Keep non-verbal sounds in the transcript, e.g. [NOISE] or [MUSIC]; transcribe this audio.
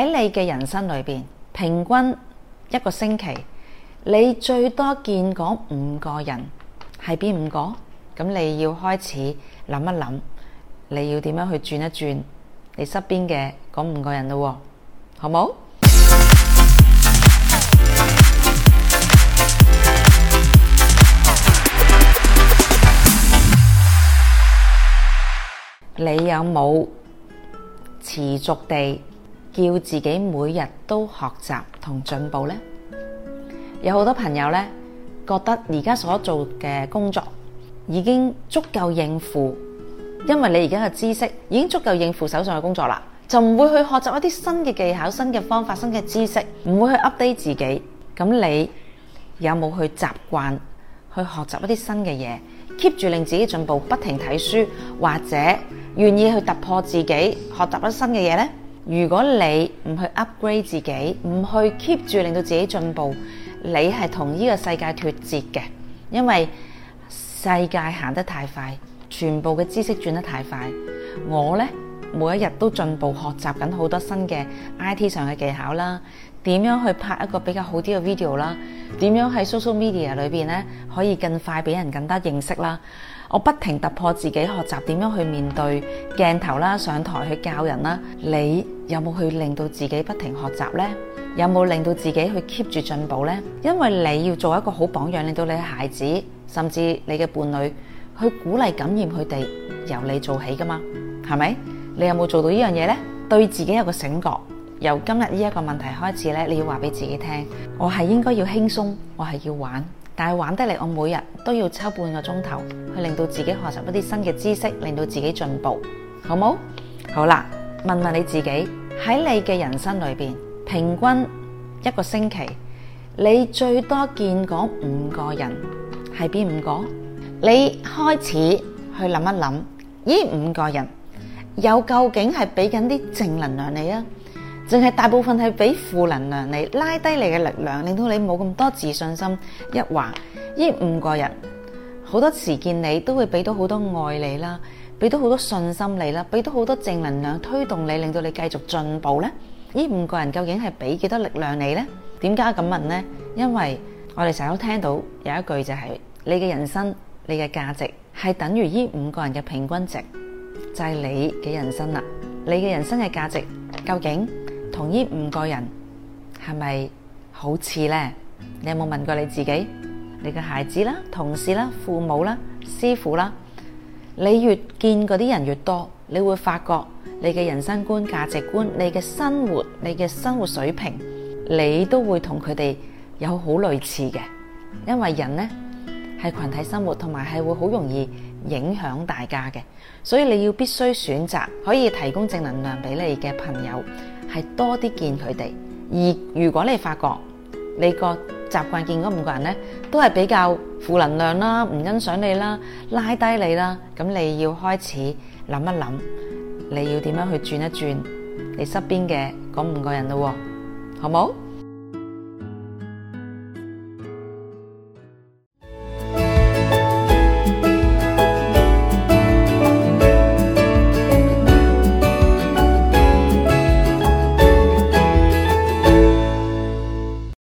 喺你嘅人生裏邊，平均一個星期你最多見嗰五個人係邊五個？咁你要開始諗一諗，你要點樣去轉一轉你身邊嘅嗰五個人咯喎，好冇？ [MUSIC] 你有冇持續地？要自己每日都學習同進步呢。有好多朋友呢，覺得而家所做嘅工作已經足夠應付，因為你而家嘅知識已經足夠應付手上嘅工作啦，就唔會去學習一啲新嘅技巧、新嘅方法、新嘅知識，唔會去 update 自己。咁你有冇去習慣去學習一啲新嘅嘢，keep 住令自己進步，不停睇書，或者願意去突破自己，學習一新嘅嘢呢？如果你唔去 upgrade 自己，唔去 keep 住令到自己進步，你係同呢個世界脫節嘅，因為世界行得太快，全部嘅知識轉得太快，我呢。每一日都進步學習緊好多新嘅 IT 上嘅技巧啦，點樣去拍一個比較好啲嘅 video 啦？點樣喺 social media 裏面咧可以更快俾人更加認識啦？我不停突破自己，學習點樣去面對鏡頭啦，上台去教人啦。你有冇去令到自己不停學習呢？有冇令到自己去 keep 住進步呢？因為你要做一個好榜樣令到你嘅孩子甚至你嘅伴侶去鼓勵感染佢哋，由你做起噶嘛？係咪？你有冇做到呢樣嘢呢？對自己有個醒覺，由今日呢一個問題開始呢，你要話俾自己聽，我係應該要輕鬆，我係要玩，但係玩得嚟，我每日都要抽半個鐘頭去令到自己學習一啲新嘅知識，令到自己進步，好冇？好啦，問問你自己，喺你嘅人生裏面，平均一個星期你最多見嗰五個人係邊五個？你開始去諗一諗，呢五個人。又究竟係俾緊啲正能量你啊，淨係大部分係俾負能量你，拉低你嘅力量，令到你冇咁多自信心。一話呢五個人，好多時見你都會俾到好多愛你啦，俾到好多信心你啦，俾到好多正能量推動你，令到你繼續進步呢。呢五個人究竟係俾幾多力量你呢？點解咁問呢？因為我哋成日都聽到有一句就係：你嘅人生，你嘅價值係等於呢五個人嘅平均值。就係、是、你嘅人生啦，你嘅人生嘅價值究竟同呢五個人係咪好似呢？你有冇問過你自己、你嘅孩子啦、同事啦、父母啦、師傅啦？你越見嗰啲人越多，你會發覺你嘅人生觀、價值觀、你嘅生活、你嘅生活水平，你都會同佢哋有好類似嘅，因為人呢，係群體生活，同埋係會好容易。影響大家嘅，所以你要必須選擇可以提供正能量俾你嘅朋友，係多啲見佢哋。而如果你發覺你個習慣見嗰五個人咧，都係比較負能量啦，唔欣賞你啦，拉低你啦，咁你要開始諗一諗，你要點樣去轉一轉你身邊嘅嗰五個人咯喎，好冇？